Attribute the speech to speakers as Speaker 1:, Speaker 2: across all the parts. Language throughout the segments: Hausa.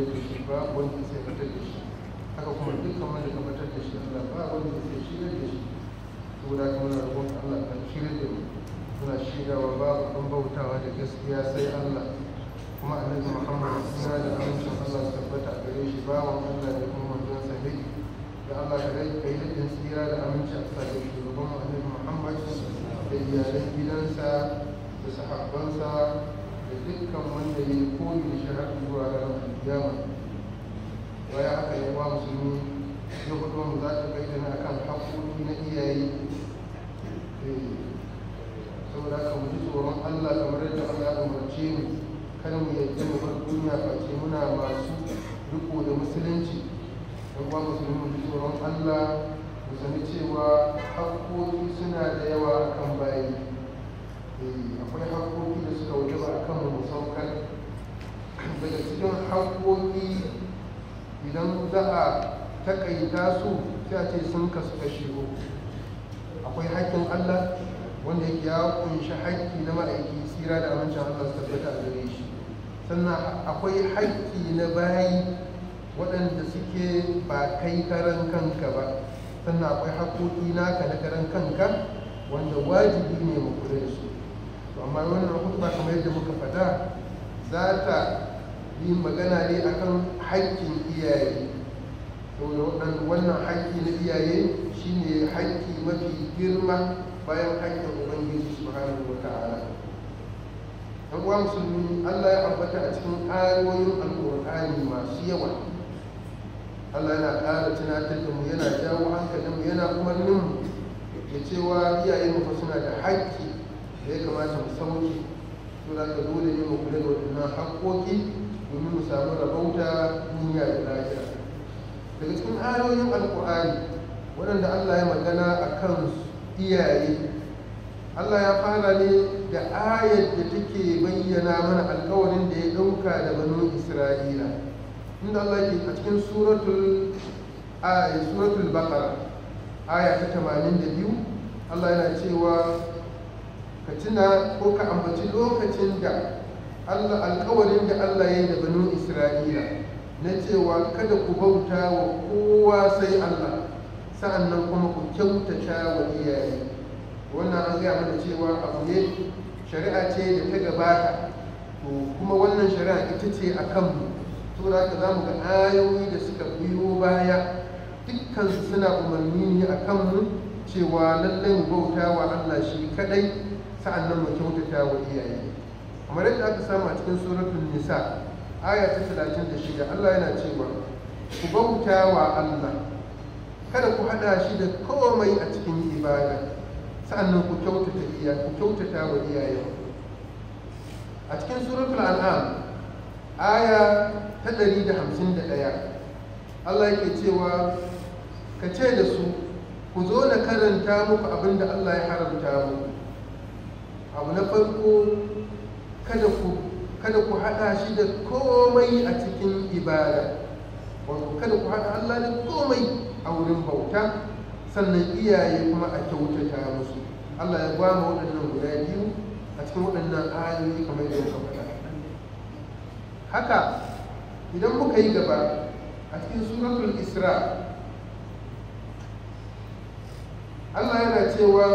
Speaker 1: fitar da shi ba wanda zai fitar da shi haka kuma dukkan wanda ka fitar da shi Allah ba wanda zai shigar da shi Allah da mu babu abin bautawa da gaskiya sai Allah kuma annabi Muhammad suna da amincin Allah tabbata a gare shi bawan Allah da kuma manzon sa da Allah ka rai kai da da aminci a shugaban annabi Muhammad da iyalan gidansa da sahabbansa da dukkan wanda ya koyi da shi har zuwa ranar kiyama bayan haka ya ba musulmi ya kudu mu za ta bayyana akan haƙoƙi na iyaye eh, saboda haka mu ji tsoron Allah kamar yadda Allah ya umarce mu kada mu yadda mu bar duniya face muna masu riko da musulunci don kuma musulmi mu ji tsoron Allah mu sani cewa haƙoƙi suna da yawa kan bayi Eh, akwai haƙoƙi da suka wuce ba a kan mu saukar daga cikin haƙoƙi idan za a taƙaita su sai a ce sun kasu kashi uku akwai haƙƙin allah wanda yake ya kunshi haƙƙi na ma'aiki tsira da amincin allah su tabbata a gare shi sannan akwai haƙƙi na bayi waɗanda suke ba kai karan kanka ba sannan akwai haƙoƙi naka na karan kanka wanda wajibi ne mu kula da su amma wannan hutuba kamar yadda muka fata za ta yi magana ne akan haƙƙin iyaye saboda wannan haƙƙi na iyaye shine haƙƙi mafi girma bayan haƙƙin ubangiji subhanahu wa ta'ala dan uwa musulmi Allah ya ambata a cikin ayoyin alƙur'ani masu yawa Allah yana ƙara tunatar da mu yana jawo hankalinmu yana kuma mu da cewa iyaye mu suna da haƙƙi da ya kamata mu sauke su da dole ne mu kula da waɗannan hakkoki domin mu samu rabauta duniya da lafiya daga cikin ayoyin alƙur'ani waɗanda Allah ya magana a kan iyaye Allah ya fara ne da ayar da take bayyana mana alƙawarin da ya ɗauka da banu Isra'ila inda Allah ke a cikin suratul a suratul baqara aya ta 82 Allah yana cewa ka tuna ko ka ambaci lokacin da Allah alkawarin da Allah ya yi da banu Isra'ila na cewa kada ku bauta wa kowa sai Allah sa'annan kuma ku kyautata wa iyaye wannan an gaya mana cewa abu ne shari'a ce da ta gabata to kuma wannan shari'a ita ce a kanmu to da ka mu ga ayoyi da suka biyo baya dukkansu suna umarni ne a kanmu cewa lallai mu bauta wa Allah shi kadai sa'an nan mu kyautata wa iyaye kamar yadda aka samu a cikin suratul nisa aya ta talatin da shida Allah yana cewa ku bauta wa Allah kada ku hada shi da komai a cikin ibada sa'an nan ku kyautata iya ku kyautata wa iyaye a cikin suratul an'am aya ta ɗari da hamsin da ɗaya Allah yake cewa ka ce da su ku zo na karanta muku abin da Allah ya haramta muku abu na farko kada ku kada ku haɗa shi da komai a cikin ibada wato kada ku haɗa Allah da komai a wurin bauta sannan iyaye kuma a kyautata musu Allah ya ba waɗannan guda biyu a cikin waɗannan ayoyi kamar da muka faɗa haka idan muka yi gaba a cikin suratul isra Allah yana cewa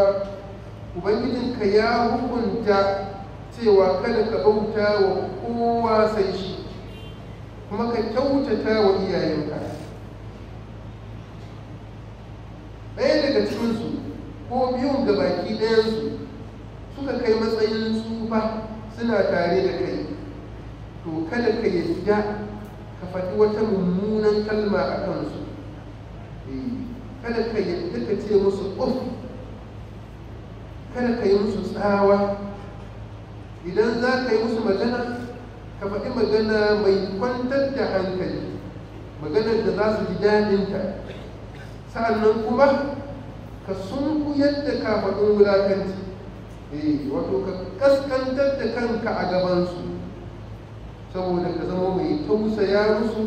Speaker 1: ubangijinka ya hukunta cewa kada ka bauta wa kowa sai shi kuma ka kyautata wa iyayenka ɗaya daga cikinsu ko biyun da baki su suka kai matsayin tsufa suna tare da kai to kada ka yadda ka faɗi wata mummunan kalma a kansu eh, kada ka yadda ka ce musu uf kada ka yi musu tsawa idan za ka yi musu magana ka faɗi magana mai kwantar da hankali maganar da za su ji daɗinta sa'annan kuma ka sunku yadda ka faɗin wulakanci eh wato ka kaskantar da kanka a gabansu saboda ka zama mai tausaya musu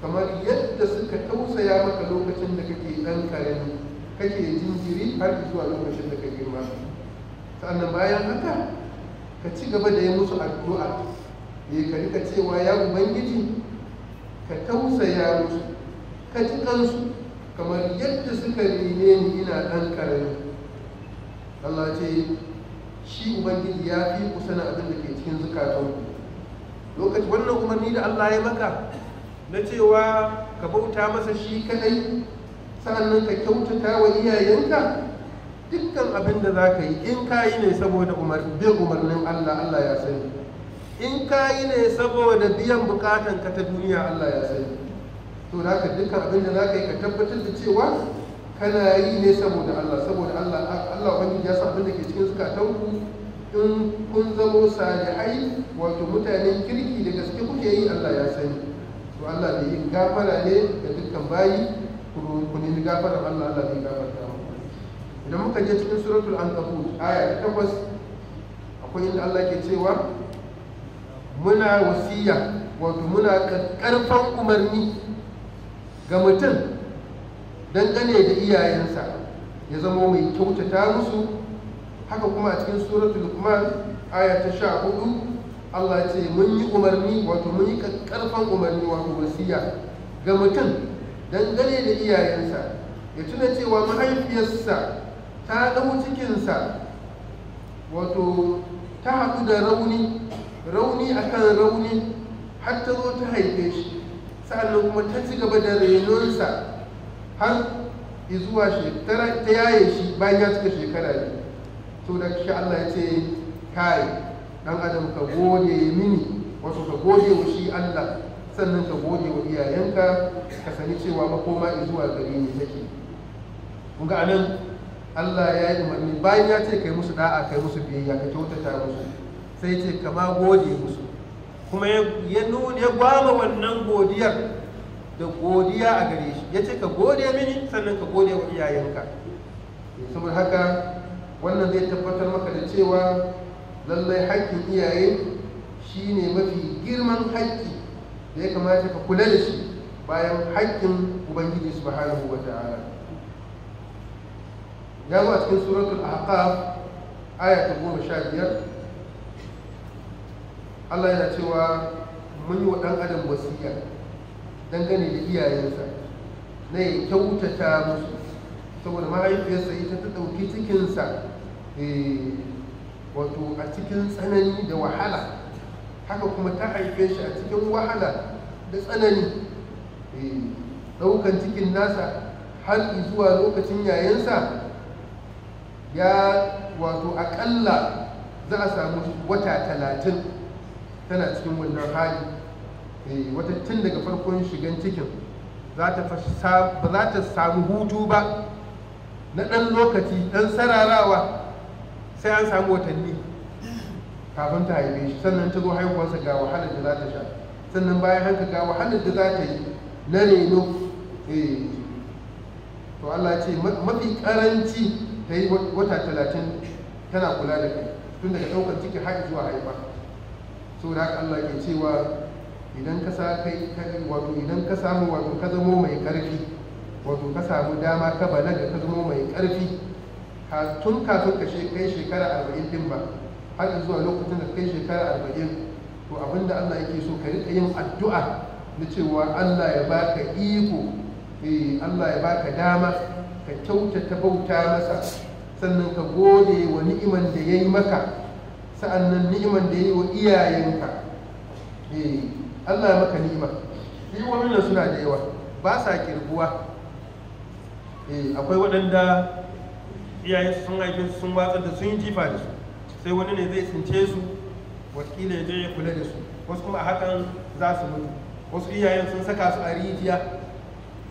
Speaker 1: kamar yadda suka tausaya maka lokacin da kake ɗan karami kake jinjiri har zuwa lokacin da ka girma sannan bayan haka ka ci gaba da yi musu addu'a ya eh, ka rika cewa ya ubangiji ka tausaya musu ka ji kansu kamar yadda suka rene ni ina ɗan ƙarami Allah ce shi ubangiji ya fi kusa na abin da ke cikin zukatanku lokaci wannan umarni da Allah ya maka na cewa ka bauta masa shi kadai sa'annan ka kyautata wa iyayenka dukkan abin da za ka yi in ka yi ne saboda bin umarnin Allah Allah ya sani in ka yi ne saboda biyan bukatan ka ta duniya Allah ya sani to da ka dukkan abin da za ka yi ka tabbatar da cewa kana yi ne saboda Allah saboda Allah Allah wani ya sa abin da ke cikin tauku in kun zamo salihai wato mutanen kirki da gaske kuke yi Allah ya sani to Allah da yi gafara ne ga dukkan bayi ku nemi gafarar Allah Allah zai gafarta muku idan muka je cikin suratul ankabut aya ta takwas akwai inda Allah ke cewa muna wasiya wato muna karfan umarni ga mutum dangane da iyayensa ya zama mai kyautata musu haka kuma a cikin suratul lukman aya ta sha hudu Allah ce mun yi umarni wato mun yi karfan umarni wato wasiya ga mutum dangane da iyayensa ya tuna cewa mahaifiyarsa ta ɗau cikinsa wato ta haɗu da rauni rauni akan rauni har ta zo ta haife shi sa'annan kuma ta ci gaba da renonsa har zuwa shekara ta yaye shi bayan ya cika shekara ne to da shi Allah ya ce kai dan adam ka gode mini wasu ka gode wa shi Allah sannan ka gode wa iyayenka ka sani cewa makoma zuwa gari ne take kun ga anan Allah ya yi umarni bayan ya ce kai musu da'a kai musu biyayya ka kyautata musu sai ce ka ma gode musu kuma ya nuna ya gwama wannan godiyar da godiya a gare shi ya ce ka gode mini sannan ka gode wa iyayenka saboda haka wannan zai tabbatar maka da cewa lallai haƙƙin iyaye shine mafi girman haƙƙi da ya kamata ka kula da shi bayan haƙƙin ubangiji subhanahu wa ta'ala ya zo a cikin suratul ahqaf aya ta goma sha biyar Allah yana cewa mun yi wa ɗan adam wasiya dangane da iyayensa na ya kyautata musu saboda mahaifiyarsa ita ta ɗauki cikinsa eh, wato a cikin tsanani da wahala haka kuma ta haife shi a cikin wahala da tsanani daukan eh, cikin nasa har zuwa lokacin yayansa ya wato akalla za a samu wata talatin tana cikin wannan hali eh, wata tun daga farkon shigan cikin ba za ta samu hutu ba na ɗan lokaci ɗan sararawa sai an samu watanni kafin ta haife shi sannan ta zo haihuwarsa ga wahalar da za ta sha sannan bayan haka ga wahalar da za ta yi na reno eh, to Allah ce mafi karanci ta yi wata talatin tana kula da kai tun daga ɗaukar ciki har zuwa haifa da haka Allah ke cewa idan ka kai wato idan ka samu wato ka zamo mai karfi wato ka samu dama ka balaga ka zamo mai karfi tun kafin ka kai shekara arba'in din ba har zuwa lokacin da kai shekara arba'in to abinda Allah yake so ka rika yin addu'a na cewa Allah ya baka iko eh, Allah ya baka dama ka kyautata bauta masa sannan ka gode wa ni'iman da ya yi maka sa'annan ni'iman da ya yi wa iyayenka eh, Allah ya maka ni'ima ni'imomin nan suna da yawa ba sa kirguwa eh, akwai waɗanda iyayen sun haife sun watsar da sun yi jifa da su sai wani ne zai tsince su wakilai ya je ya kula da su wasu kuma a hakan za su mutu wasu iyayen sun saka su a rijiya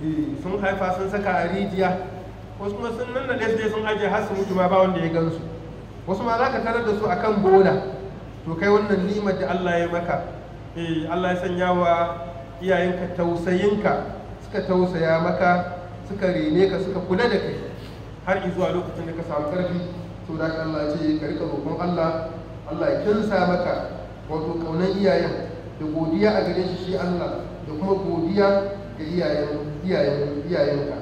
Speaker 1: eh, sun haifa sun saka a rijiya wasu kuma sun nan da su sun ajiye har su mutu ma ba wanda ya gansu wasu ma za ka tarar da su a kan bola to kai wannan nimar da Allah ya maka eh, Allah ya sanya wa iyayenka tausayinka suka tausaya maka suka rene ka suka kula da kai har izuwa lokacin da ka samu karfi to da Allah ce ka rika roƙon Allah Allah ya kinsa maka wato kaunan iyayen da godiya a gare shi shi Allah da kuma godiya ga iyayen iyayen ka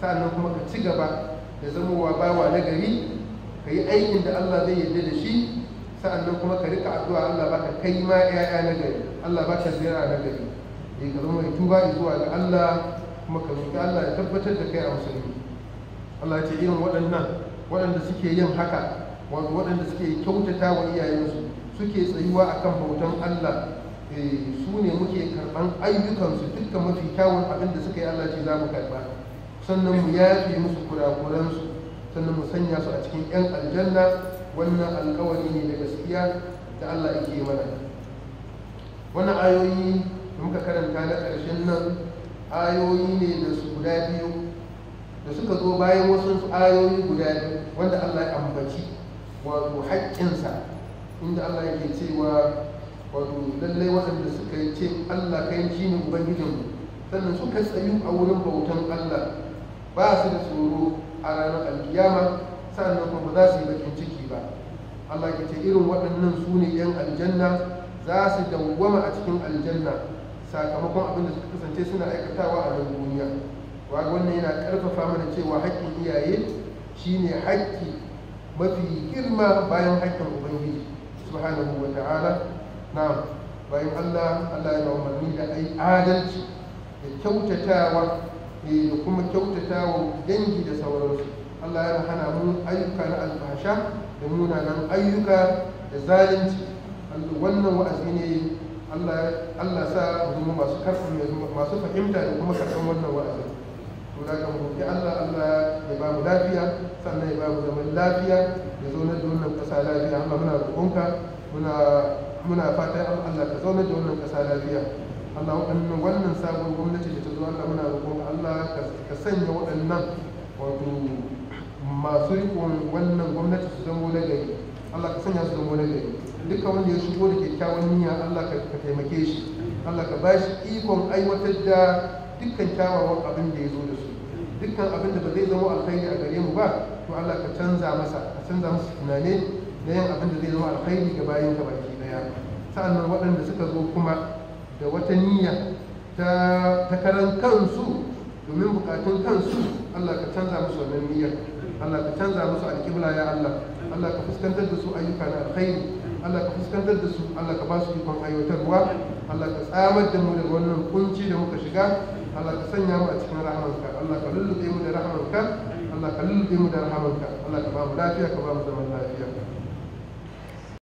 Speaker 1: sannan kuma ka ci gaba da zamowa bawa na gari ka yi aikin da Allah zai yarda da shi sa'annan kuma ka rika addu'a Allah baka kai ma 'ya'ya na gari Allah baka ziyara na gari ya ka zama tuba zuwa ga Allah kuma ka roƙi Allah ya tabbatar da kai a musulmi Allah ya ce irin waɗannan waɗanda suke yin haka waɗanda suke kyautata wa iyayensu suke tsayuwa akan bautan Allah eh, su ne muke karɓan ayyukansu duka mafi kyawun abin da suka yi Allah ce za mu karɓa sannan mu yafe musu kurakuransu sannan mu sanya su a cikin 'yan aljanna wannan alkawari ne da gaskiya da Allah yake mana wannan ayoyi da muka karanta na ƙarshen nan ayoyi ne da su guda biyu da suka zo bayan wasu ayoyi guda biyu wanda Allah ya ambaci wato haƙƙinsa inda Allah yake cewa wato lallai waɗanda suka yi ce Allah kai shi ne ubangijinmu sannan suka tsayu a wurin bautan Allah ba su da tsoro a ranar alkiyama sannan kuma ba za su yi bakin ciki ba Allah ya ce irin waɗannan su ne 'yan aljanna za su dawwama a cikin aljanna sakamakon abin da suka kasance suna aikatawa a nan duniya wannan yana karfafa mana cewa haƙƙin iyaye shine haƙƙi mafi girma bayan haƙƙin ubangiji subhanahu wa ta'ala na bayan Allah Allah ya umarni da ai adalci da kyautatawa ne eh, da kuma kyautatawa dangi da sauransu Allah ya hana mu ayyuka na alfasha da munanan ayyuka da zalunci wannan wa'azi ne Allah sa mu masu fahimta da kuma karɓar wannan wa'azi to da kan roƙi Allah Allah ya ba mu lafiya sannan ya ba mu zaman lafiya ya zo na da wannan ƙasa lafiya Allah muna roƙonka muna muna fatan Allah ka zauna da wannan kasa lafiya Allah waɗannan wannan sabon gwamnati da ta zo Allah muna roƙon Allah ka sanya waɗannan wato masu riƙon wannan gwamnati su zamo na gari Allah ka sanya su zamo na gari duka wanda ya shigo da kyakkyawan niyya Allah ka taimake shi Allah ka ba shi ikon aiwatar da dukkan kyawawan abin da ya zo da su dukkan abin da ba zai zama alkhairi a gare mu ba to Allah ka canza masa ka canza masa tunane na yin abin da zai zama alkhairi ga bayan ka baki daya sa'annan waɗanda suka zo kuma da wata niyya ta takarar kansu domin bukatun kansu Allah ka canza musu wannan niyya Allah ka canza musu alƙibla ya Allah Allah ka fuskantar da su ayyuka na alkhairi Allah ka fuskantar da su Allah ka ba su ikon aiwatarwa Allah ka tsamar da mu daga wannan kunci da muka shiga Allah ka sanya mu a cikin rahamanka Allah ka lullube mu da rahamanka Allah ka lullube mu da rahamanka Allah ka ba mu lafiya ka ba mu zaman lafiya